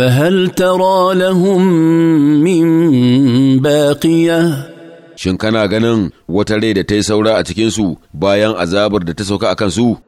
Bahaltaro ترى لهم من shin kana ganin wata rai da ta yi saura a cikinsu bayan azabar da ta sauka a kansu?